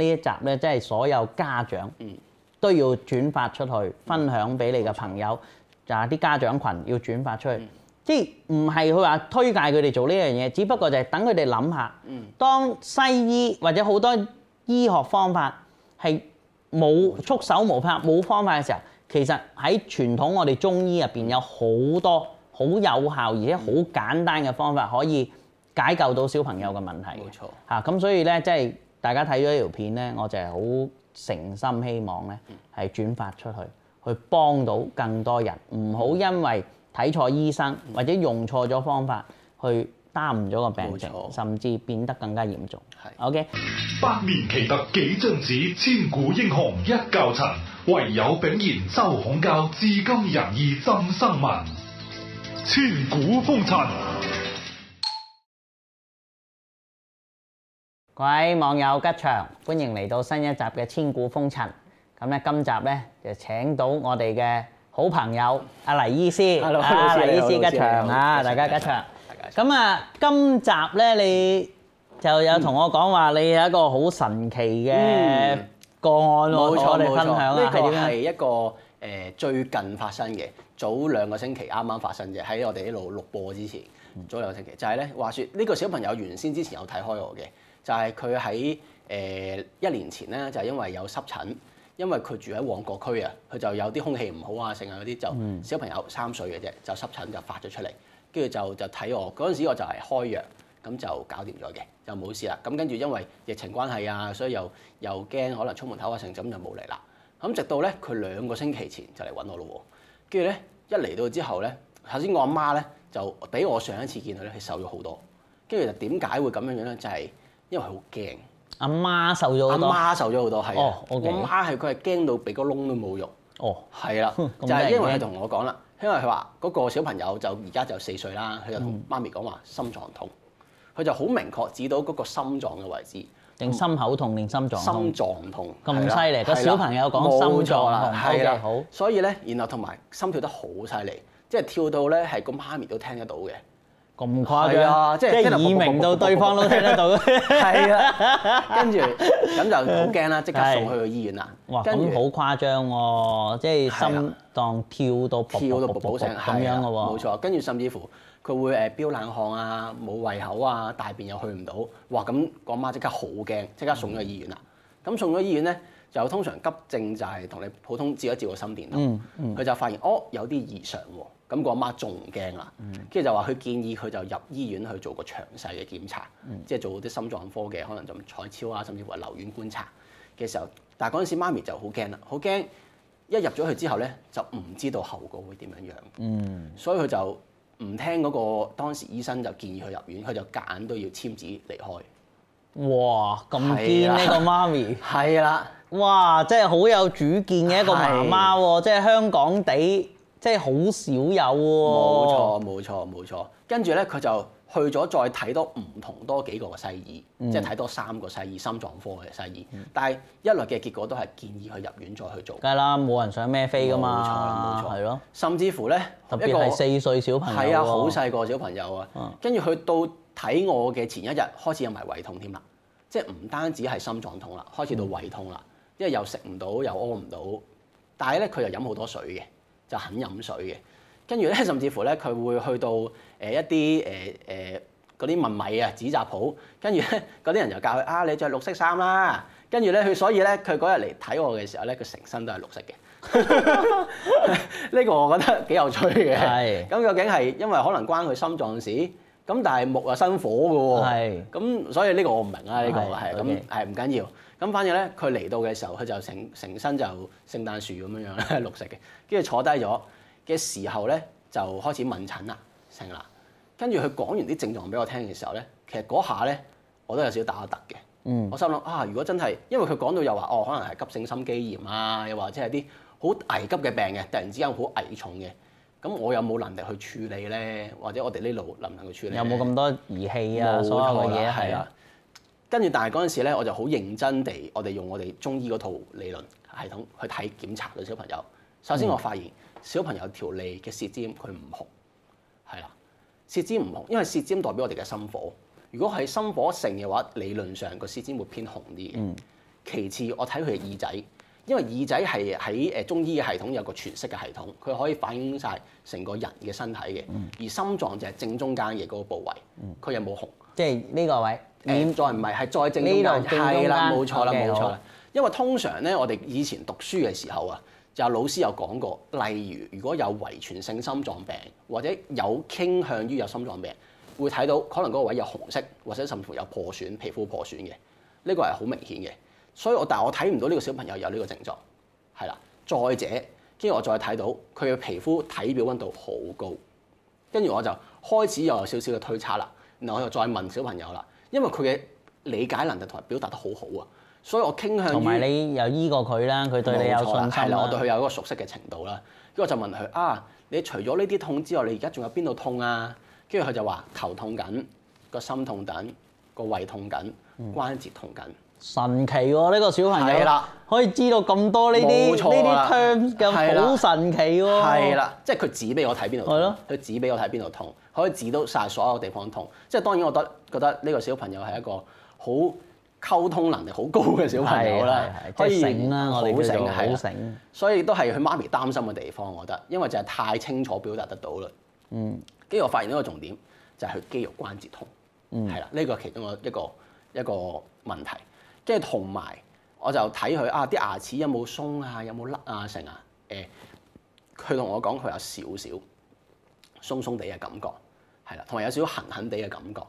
呢一集咧，即係所有家長都要轉發出去，嗯、分享俾你嘅朋友，冇錯、就係啲家長群要轉發出去。嗯、即係唔係佢話推介佢哋做呢樣嘢，只不過就係等佢哋諗下。嗯、當西醫或者好多醫學方法係冇不束手無策、冇方法嘅時候，其實喺傳統我哋中醫入邊有好多好有效而且好簡單嘅方法，可以解救到小朋友嘅問題。冇、嗯、冇錯、嗯。嚇咁，所以咧即係。大家睇咗呢條片呢，我就係好誠心希望呢係轉發出去，去幫到更多人，唔好因為睇錯醫生或者用錯咗方法，去耽誤咗個病情，錯甚至變得更加嚴重。係的，OK。百年奇特幾張紙，千古英雄一窖塵，惟有炳然周孔教，至今仁義浸生民。千古風塵。各位網友吉祥，歡迎嚟到新一集嘅千古風塵。咁咧，今集咧就請到我哋嘅好朋友阿黎醫師。哈，黎醫師吉祥啊！大家吉祥。咁啊，今集咧你就有同我講話，你有一個好神奇嘅個案喎。冇錯，你分享，呢個係一個誒最近發生嘅，早兩個星期啱啱發生嘅，喺我哋一路錄播之前，早兩個星期就係咧，話説呢個小朋友原先之前有睇開我嘅。就係佢喺誒一年前咧，就係因為有濕疹，因為佢住喺旺角區啊，佢就有啲空氣唔好啊，剩啊嗰啲就小朋友三歲嘅啫，就濕疹就發咗出嚟，跟住就就睇我嗰陣時，我就係開藥咁就搞掂咗嘅，就冇事啦。咁跟住因為疫情關係啊，所以又又驚可能出門口啊，成咁就冇嚟啦。咁直到咧佢兩個星期前就嚟揾我咯喎，跟住咧一嚟到之後咧，頭先我阿媽咧就比我上一次見佢咧係瘦咗好多，跟住就點解會咁樣樣咧？就係。因為好驚，阿媽瘦咗好多，阿媽瘦咗好多，係啊，我媽係佢係驚到鼻哥窿都冇肉。哦，係啦，就係因為佢同我講啦，因為佢話嗰個小朋友就而家就四歲啦，佢就同媽咪講話心臟痛，佢就好明確指到嗰個心臟嘅位置，定心口痛定心臟？心臟痛咁犀利，個小朋友講心臟痛，係嘅，好，所以咧，然後同埋心跳得好犀利，即係跳到咧係個媽咪都聽得到嘅。咁誇張啊，即係耳鳴到對方都聽得到，係 啊， 跟住咁就好驚啦，即刻送去個醫院啦。哇，咁好着誇張喎、啊，即係心臟跳到跳到卟卟咁樣嘅冇、啊、錯。跟住甚至乎佢會誒飆冷汗啊，冇胃口啊，大便又去唔到。哇，咁個媽即刻好驚，即刻送咗去醫院啦。咁、嗯嗯嗯、送咗醫院咧，就通常急症就係同你普通照一照個心電圖，佢就發現哦有啲異常喎。咁個阿媽仲驚啦，跟住就話佢建議佢就入醫院去做個詳細嘅檢查，嗯、即係做啲心臟科嘅可能就彩超啊，甚至乎留院觀察嘅時候。但係嗰陣時媽咪就好驚啦，好驚一入咗去之後咧就唔知道後果會點樣樣。嗯，所以佢就唔聽嗰個當時醫生就建議佢入院，佢就夾硬都要簽紙離開。哇！咁堅呢個媽咪係啦，哇！即係好有主見嘅一個媽媽喎，即係香港地。即係好少有喎，冇錯冇錯冇錯。跟住咧，佢就去咗再睇多唔同多幾個西醫，嗯、即係睇多三個西醫心臟科嘅西醫。嗯、但係一來嘅結果都係建議佢入院再去做。梗係啦，冇人想孭飛㗎嘛，冇錯冇錯。係咯。甚至乎咧，一個，特別係四歲小朋友，係啊，好細個小朋友啊。跟住去到睇我嘅前一日開始有埋胃痛添啦，即係唔單止係心臟痛啦，開始到胃痛啦，因為又食唔到又屙唔到，但係咧佢又飲好多水嘅。就肯飲水嘅，跟住咧甚至乎咧佢會去到誒一啲誒誒嗰啲問米啊、紙紮鋪，跟住咧嗰啲人就教佢啊，你着綠色衫啦，跟住咧佢所以咧佢嗰日嚟睇我嘅時候咧佢成身都係綠色嘅。呢 個我覺得幾有趣嘅。係是，咁究竟係因為可能關佢心臟事，咁但係木又生火嘅喎，咁是所以呢個我唔明啦呢個係咁係唔緊要。咁反而咧，佢嚟到嘅時候，佢就成成身就聖誕樹咁樣樣咧， 綠色嘅。跟住坐低咗嘅時候咧，就開始問診啦，成啦。跟住佢講完啲症狀俾我聽嘅時候咧，其實嗰下咧，我都有少少打下突嘅。嗯。我心諗啊，如果真係因為佢講到又話哦，可能係急性心肌炎啊，又或者係啲好危急嘅病嘅，突然之間好危重嘅，咁我有冇能力去處理咧？或者我哋呢度能唔能夠處理？有冇咁多儀器啊？所有嘅嘢？冇錯。跟住，但係嗰陣時咧，我就好認真地，我哋用我哋中醫嗰套理論系統去睇檢查個小朋友。首先，我發現小朋友條脷嘅舌尖佢唔紅，係啦，舌尖唔紅，因為舌尖代表我哋嘅心火。如果係心火盛嘅話，理論上個舌尖會偏紅啲嘅。嗯、其次，我睇佢嘅耳仔，因為耳仔係喺誒中醫嘅系統有個全息嘅系統，佢可以反映晒成個人嘅身體嘅。而心臟就係正中間嘅嗰個部位，佢有冇紅？嗯、即係呢個位。呃、再唔係係再正一萬，係啦，冇錯啦，冇錯啦。因為通常咧，我哋以前讀書嘅時候啊，就有老師有講過，例如如果有遺傳性心臟病，或者有傾向於有心臟病，會睇到可能嗰位有紅色，或者甚至乎有破損皮膚破損嘅呢個係好明顯嘅。所以我但係我睇唔到呢個小朋友有呢個症狀係啦。再者，跟住我再睇到佢嘅皮膚體表温度好高，跟住我就開始又有少少嘅推測啦。然後我就再問小朋友啦。因為佢嘅理解能力同埋表達得好好啊，所以我傾向，同埋你又醫過佢啦，佢對你有信心啦。係啦，我對佢有一個熟悉嘅程度啦。跟住我就問佢啊，你除咗呢啲痛之外，你而家仲有邊度痛啊？跟住佢就話頭痛緊，個心痛緊，個胃痛緊，關節痛緊。嗯。神奇喎、啊！呢、這個小朋友的可以知道咁多呢啲呢啲 terms，好神奇喎、啊！啦，即係佢指俾我睇邊度痛，佢的指俾我睇邊度痛，可以指到晒所有地方痛。即、就、係、是、當然，我覺得覺得呢個小朋友係一個好溝通能力好高嘅小朋友啦，可以好醒、就是，所以都係佢媽咪擔心嘅地方。我覺得，因為就係太清楚表達得到啦。嗯，跟住我發現呢個重點，就係、是、佢肌肉關節痛。嗯，係啦，呢、這個其中一個一個一個問題。即係同埋，我就睇佢啊，啲牙齒有冇鬆啊，有冇甩啊，成啊？誒，佢同我講，佢有少少鬆鬆地嘅感覺，係啦，同埋有少少痕痕地嘅感覺。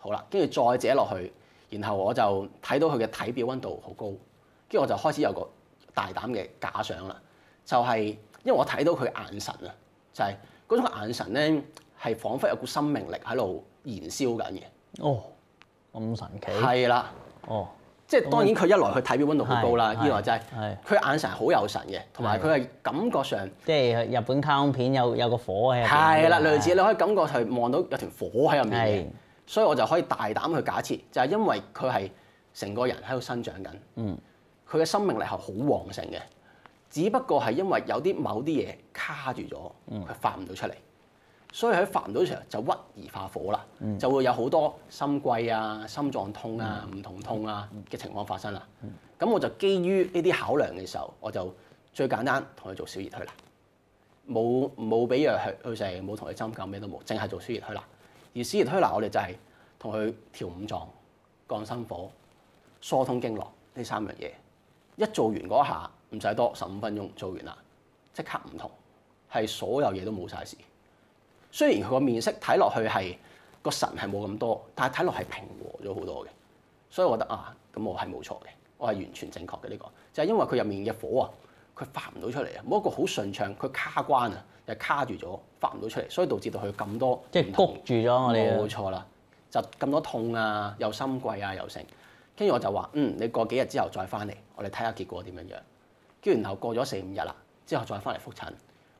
好啦，跟住再借落去，然後我就睇到佢嘅體表温度好高，跟住我就開始有個大膽嘅假想啦，就係因為我睇到佢眼神啊，就係嗰種眼神咧係彷彿有股生命力喺度燃燒緊嘅，哦，咁神奇係啦，哦。即係當然，佢一來佢體表溫度好高啦，二來就係、是、佢眼神好有神嘅，同埋佢係感覺上即係日本卡通片有有個火喺入面。係啦，類似你可以感覺係望到有條火喺入面嘅，所以我就可以大膽去假設，就係、是、因為佢係成個人喺度生長緊，佢嘅、嗯、生命力係好旺盛嘅，只不過係因為有啲某啲嘢卡住咗，佢發唔到出嚟。嗯嗯。所以喺煩到時候，就鬱而化火啦，嗯、就會有好多心悸啊、心臟痛啊、唔同痛啊嘅情況發生啦。咁、嗯、我就基於呢啲考量嘅時候，我就最簡單同佢做小熱推啦，冇冇俾藥去，佢就係冇同佢針灸，咩都冇，淨係做小熱推啦。而小熱推啦，我哋就係同佢調五臟、降心火、疏通經絡呢三樣嘢。一做完嗰下唔使多十五分鐘，做完啦，即刻唔同，係所有嘢都冇晒事。雖然佢個面色睇落去係個神係冇咁多，但係睇落係平和咗好多嘅，所以我覺得啊，咁我係冇錯嘅，我係完全正確嘅呢個，就係因為佢入面嘅火啊，佢發唔到出嚟啊，冇一個好順暢，佢卡關啊，就卡住咗，發唔到出嚟，所以導致到佢咁多即係焗住咗我哋冇錯啦，就咁多痛啊，又心悸啊，又剩，跟住我就話嗯，你過幾日之後再翻嚟，我哋睇下結果點樣樣，跟住然後過咗四五日啦，之後再翻嚟覆診，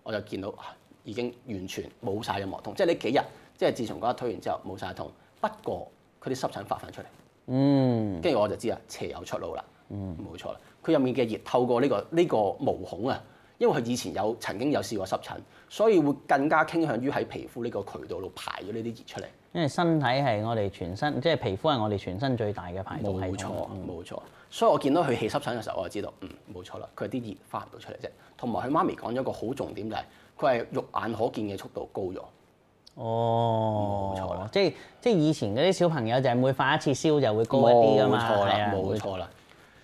我就見到，啊已經完全冇晒任何痛，即係呢幾日，即係自從嗰日推完之後冇晒痛。不過佢啲濕疹發翻出嚟，嗯，跟住我就知啦，邪有出路啦，嗯，冇錯啦。佢入面嘅熱透過呢個呢個毛孔啊，因為佢以前有曾經有試過濕疹，所以會更加傾向於喺皮膚呢個渠道度排咗呢啲熱出嚟。因為身體係我哋全身，即係皮膚係我哋全身最大嘅排毒，冇錯，冇錯。所以我見到佢起濕疹嘅時候，我就知道，嗯，冇錯啦，佢啲熱發唔到出嚟啫。同埋佢媽咪講咗個好重點就係。佢係肉眼可見嘅速度高咗。哦，冇錯啦，即係即係以前嗰啲小朋友就係每發一次燒就會高一啲㗎嘛，冇錯啦，冇說錯啦，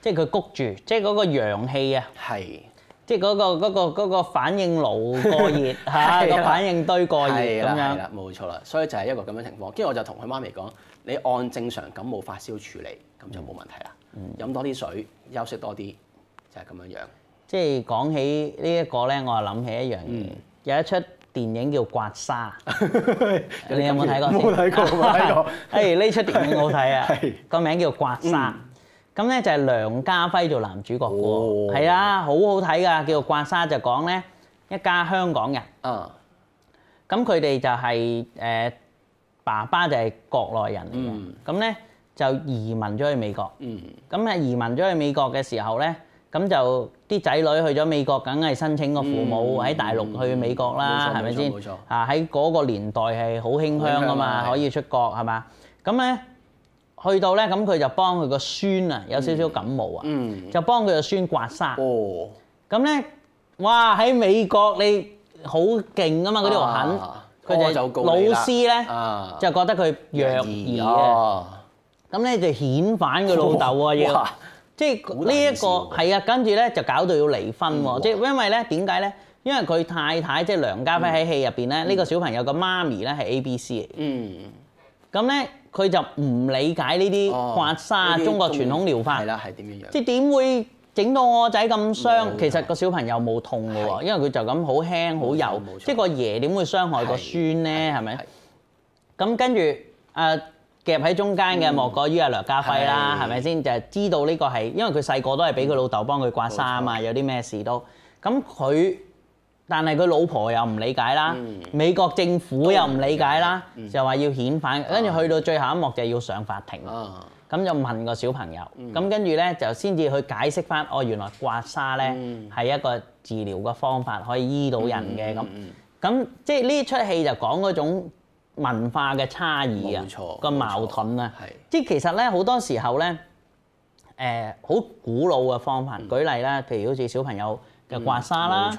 即係佢谷住，即係嗰個陽氣啊，係是，即係嗰、嗰個嗰、嗰個嗰個嗰個、反應爐過熱嚇，個 的反應堆過熱咁的樣，冇錯啦，所以就係一個咁樣情況。跟住我就同佢媽咪講：你按正常感冒發燒處理，咁就冇問題啦。飲、嗯、多啲水，休息多啲，就係咁樣樣。即係講起呢一個咧，我啊諗起一樣嘢，有一出電影叫《刮痧》，你有冇睇過？冇睇過，冇睇過。誒呢出電影好睇啊，個名叫《刮痧》。咁咧就係梁家輝做男主角嘅喎，係啊，好好睇㗎。叫做《刮痧》，就講咧一家香港人。啊，咁佢哋就係誒爸爸就係國內人嚟嘅，咁咧就移民咗去美國。嗯，咁啊移民咗去美國嘅時候咧，咁就。啲仔女去咗美國，梗係申請個父母喺大陸去美國啦，係咪先？啊，喺嗰個年代係好興香噶嘛，可以出國係嘛？咁咧，去到咧，咁佢就幫佢個孫啊，有少少感冒啊，就幫佢個孫刮痧。咁咧，哇！喺美國你好勁噶嘛，嗰啲學肯，佢就老師咧就覺得佢弱兒啊，咁咧就遣返佢老豆啊要。即係呢一個係啊，跟住咧就搞到要離婚喎！即係因為咧點解咧？因為佢太太即係梁家輝喺戲入邊咧，呢個小朋友嘅媽咪咧係 A B C 嚟嘅。嗯。咁咧佢就唔理解呢啲刮痧中國傳統療法。係啦，係點樣樣？即係點會整到我個仔咁傷？其實個小朋友冇痛嘅喎，因為佢就咁好輕好幼。冇錯。即係個爺點會傷害個孫咧？係咪？係。咁跟住誒。夾喺中間嘅莫過於阿梁家輝啦，係咪先？就係知道呢個係，因為佢細個都係俾佢老豆幫佢刮痧啊嘛，有啲咩事都咁佢，但係佢老婆又唔理解啦，美國政府又唔理解啦，就話要遣返，跟住去到最後一幕就要上法庭，咁就問個小朋友，咁跟住咧就先至去解釋翻，哦，原來刮痧咧係一個治療嘅方法，可以醫到人嘅咁，咁即係呢出戲就講嗰種。文化嘅差異啊，個矛盾啊，即係其實咧好多時候咧，誒好古老嘅方法，舉例啦，譬如好似小朋友嘅刮痧啦，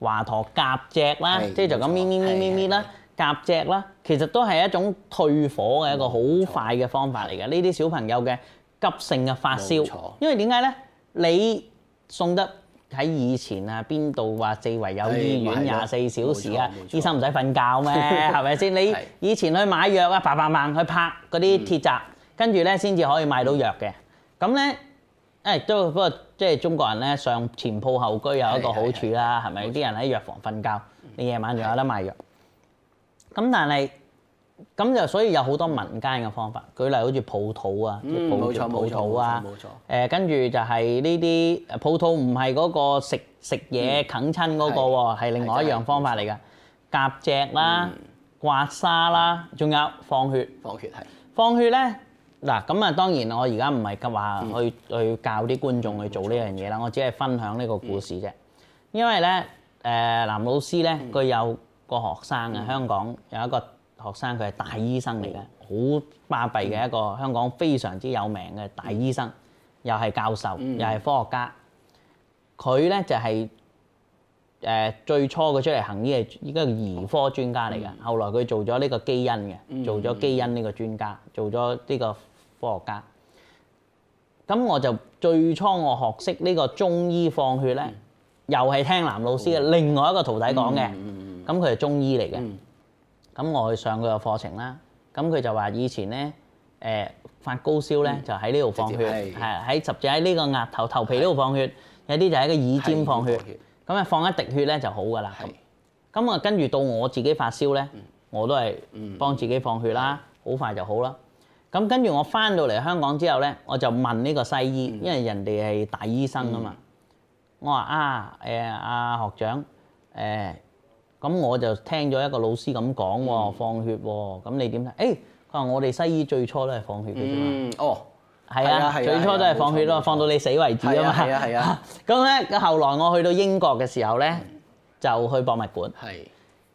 華佗夾脊啦，即係就咁咪咪咪咪咪啦，夾脊啦，其實都係一種退火嘅一個好快嘅方法嚟嘅。呢啲小朋友嘅急性嘅發燒，因為點解咧？你送得喺以前啊，邊度話四圍有醫院，廿四小時啊？醫生唔使瞓覺咩？係咪先？你以前去買藥啊，白白盲去拍嗰啲鐵閘，跟住咧先至可以買到藥嘅。咁咧誒都不過，即係中國人咧上前鋪後居有一個好處啦，係咪？啲人喺藥房瞓覺，你夜晚仲有得賣藥。咁但係。咁就所以有好多民間嘅方法，舉例好似抱肚啊，即係抱住抱肚啊，誒，跟住就係呢啲抱肚唔係嗰個食食嘢啃親嗰個喎，係另外一樣方法嚟嘅，夾脊啦、刮痧啦，仲有放血，放血係放血咧，嗱，咁啊當然我而家唔係急話去去教啲觀眾去做呢樣嘢啦，我只係分享呢個故事啫，因為咧誒藍老師咧佢有個學生啊香港有一個。學生佢係大醫生嚟嘅，好巴閉嘅一個香港非常之有名嘅大醫生，又係教授，又係科學家。佢呢就係誒最初佢出嚟行醫係而家兒科專家嚟嘅，後來佢做咗呢個基因嘅，做咗基因呢個專家，做咗呢個科學家。咁我就最初我學識呢個中醫放血呢，又係聽藍老師嘅另外一個徒弟講嘅。咁佢係中醫嚟嘅。咁我去上佢個課程啦，咁佢就話以前咧，誒發高燒咧就喺呢度放血，係喺甚至喺呢個額頭頭皮呢度放血，有啲就喺個耳尖放血，咁啊放一滴血咧就好噶啦。咁咁啊跟住到我自己發燒咧，我都係幫自己放血啦，好快就好啦。咁跟住我翻到嚟香港之後咧，我就問呢個西醫，因為人哋係大醫生啊嘛，我話啊誒阿學長誒。咁我就聽咗一個老師咁講喎，放血喎。咁你點睇？誒，佢話我哋西醫最初都係放血嘅啫嘛。嗯，哦，係啊，最初都係放血咯，放到你死為止啊嘛。係啊，係啊。咁咧，個後來我去到英國嘅時候咧，就去博物館。係。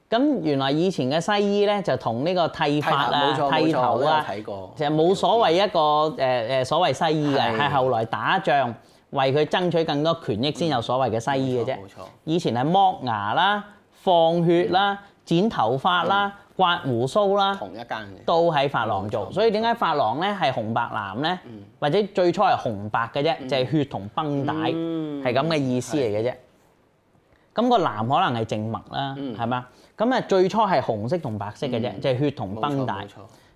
咁原來以前嘅西醫咧，就同呢個剃髮啊、剃頭啊，其實冇所謂一個誒誒所謂西醫嘅，係後來打仗為佢爭取更多權益先有所謂嘅西醫嘅啫。冇錯。以前係剝牙啦。放血啦、剪頭髮啦、刮鬍鬚啦，同一間嘅都喺髮廊做，所以點解髮廊咧係紅白藍咧？或者最初係紅白嘅啫，就係血同繃帶，係咁嘅意思嚟嘅啫。咁個藍可能係靜脈啦，係嘛？咁啊最初係紅色同白色嘅啫，即係血同繃帶。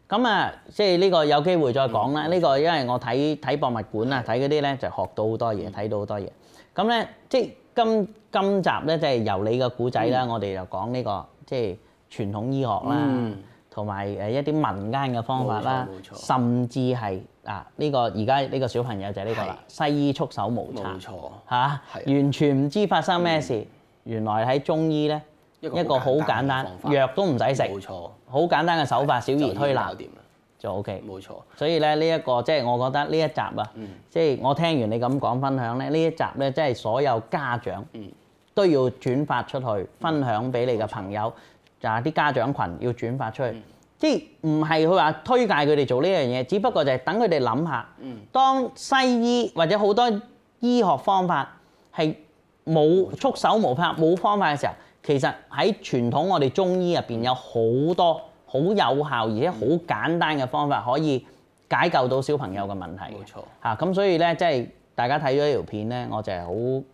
咁啊，即係呢個有機會再講啦。呢個因為我睇睇博物館啊，睇嗰啲咧就學到好多嘢，睇到好多嘢。咁咧即係今。今集咧即係由你嘅古仔啦，我哋就講呢個即係傳統醫學啦，同埋誒一啲民間嘅方法啦，甚至係啊呢個而家呢個小朋友就係呢個啦，西醫束手無策嚇，完全唔知發生咩事，原來喺中醫咧一個好簡單，藥都唔使食，好簡單嘅手法，小兒推拿。就 OK，冇錯。所以咧、呢個，呢一個即係我覺得呢一集啊，即係、嗯、我聽完你咁講分享咧，呢、嗯、一集咧，即係所有家長都要轉發出去，嗯、分享俾你嘅朋友，就係啲家長群要轉發出去。嗯、即係唔係佢話推介佢哋做呢樣嘢，嗯、只不過就係等佢哋諗下。嗯、當西醫或者好多醫學方法係冇束手無策、冇方法嘅時候，其實喺傳統我哋中醫入邊有好多。好有效而且好簡單嘅方法，可以解救到小朋友嘅問題。嗯，冇錯，嚇咁所以呢，即係大家睇咗呢條片呢，我就係好誠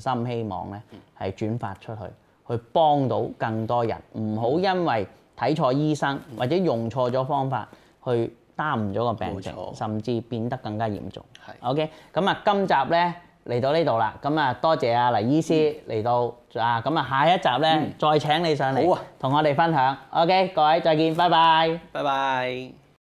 心希望呢係轉發出去，去幫到更多人，唔好因為睇錯醫生或者用錯咗方法去耽誤咗個病情，冇錯，甚至變得更加嚴重。係係，OK，咁啊，今集呢。嚟到呢度啦，咁啊多謝啊黎醫師嚟到、嗯、啊，咁啊下一集呢，嗯、再請你上嚟、好啊，同我哋分享。OK，各位再見，拜拜，拜拜。